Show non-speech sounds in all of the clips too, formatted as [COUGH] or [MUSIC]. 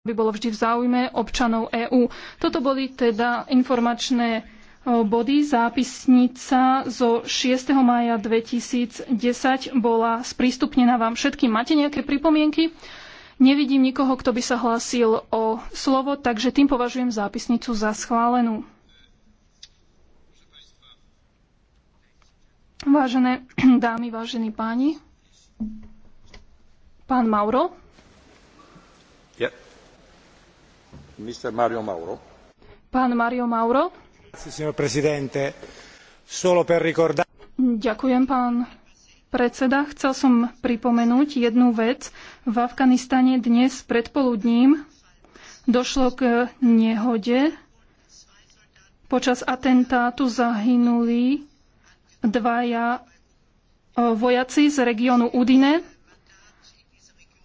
Aby bolo vždy v záujme občanov EÚ. Toto boli teda informačné e, body. Zápisnica zo 6. maja 2010 bola sprístupnená vám všetkým. Máte nejaké pripomienky? Nevidím nikoho, kto by sa hlásil o slovo, takže tým považujem zápisnicu za schválenú. Vážené [CLEARS THROAT] dámy, vážení páni, pán Mauro, Pán Mario Mauro. Ďakujem, pán predseda. Chcel som pripomenúť jednu vec. V Afganistane dnes predpoludním došlo k nehode. Počas atentátu zahynuli dvaja eh, vojaci z regiónu Udine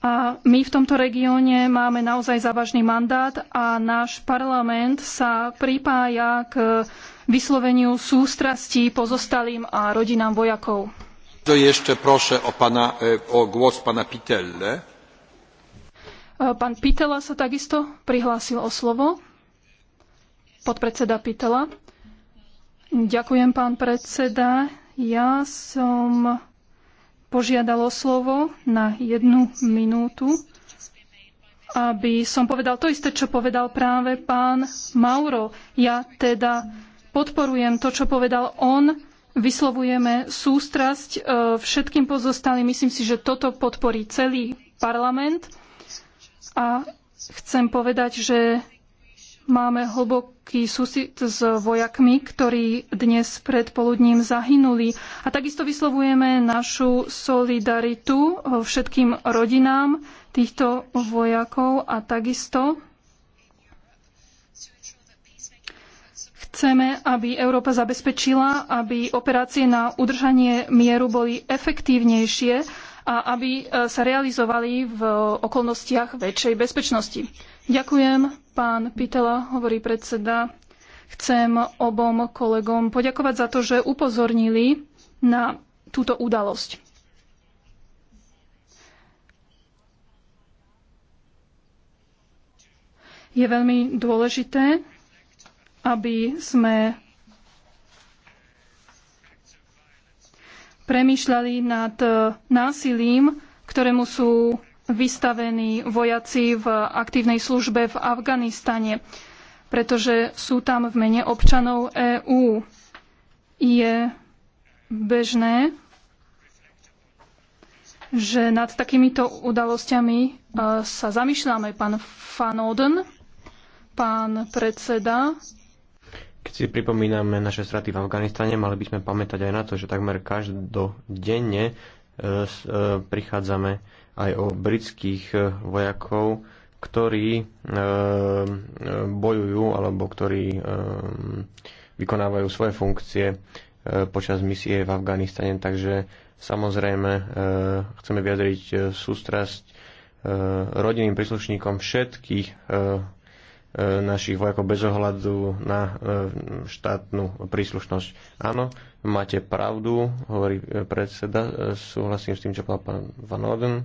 a my v tomto regióne máme naozaj závažný mandát a náš parlament sa pripája k vysloveniu sústrasti pozostalým a rodinám vojakov. Ešte o, pana, e, o głos pana Pitelle. E, pán Pitela sa takisto prihlásil o slovo. Podpredseda Pitela. Ďakujem, pán predseda. Ja som požiadalo slovo na jednu minútu, aby som povedal to isté, čo povedal práve pán Mauro. Ja teda podporujem to, čo povedal on. Vyslovujeme sústrasť e, všetkým pozostalým. Myslím si, že toto podporí celý parlament. A chcem povedať, že Máme hlboký súcit s vojakmi, ktorí dnes predpoludním zahynuli. A takisto vyslovujeme našu solidaritu všetkým rodinám týchto vojakov a takisto chceme, aby Európa zabezpečila, aby operácie na udržanie mieru boli efektívnejšie a aby sa realizovali v okolnostiach väčšej bezpečnosti. Ďakujem. Pán Pitela, hovorí predseda, chcem obom kolegom poďakovať za to, že upozornili na túto udalosť. Je veľmi dôležité, aby sme premýšľali nad násilím, ktorému sú vystavení vojaci v aktívnej službe v Afganistane, pretože sú tam v mene občanov EÚ. Je bežné, že nad takýmito udalosťami e, sa zamýšľame, pán Fanoden, pán predseda. Keď si pripomíname naše straty v Afganistane, mali by sme pamätať aj na to, že takmer každodenne E, prichádzame aj o britských e, vojakov, ktorí e, bojujú alebo ktorí vykonávajú svoje funkcie počas misie v Afganistane. Takže samozrejme chceme vyjadriť sústrasť rodinným príslušníkom všetkých našich vojakov bez ohľadu na e, štátnu príslušnosť. Áno, máte pravdu, hovorí e, predseda, e, súhlasím s tým, čo povedal pán Van Orden.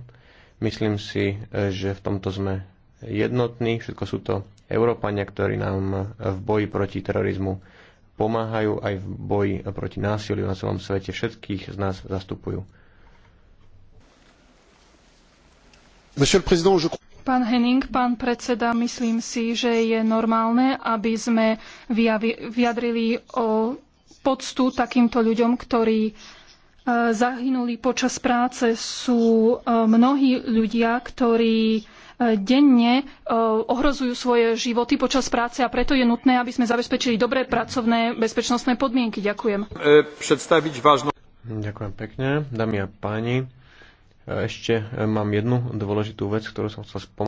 Myslím si, že v tomto sme jednotní, všetko sú to Európania, ktorí nám v boji proti terorizmu pomáhajú aj v boji proti násiliu na celom svete. Všetkých z nás zastupujú. Monsieur le Président, je Pán Henning, pán predseda, myslím si, že je normálne, aby sme vyjadrili o poctu takýmto ľuďom, ktorí e, zahynuli počas práce. Sú e, mnohí ľudia, ktorí e, denne ohrozujú svoje životy počas práce a preto je nutné, aby sme zabezpečili dobré pracovné bezpečnostné podmienky. Ďakujem. Ďakujem pekne. Dámy a páni, ešte e, mám jednu dôležitú vec, ktorú som chcel spomenúť.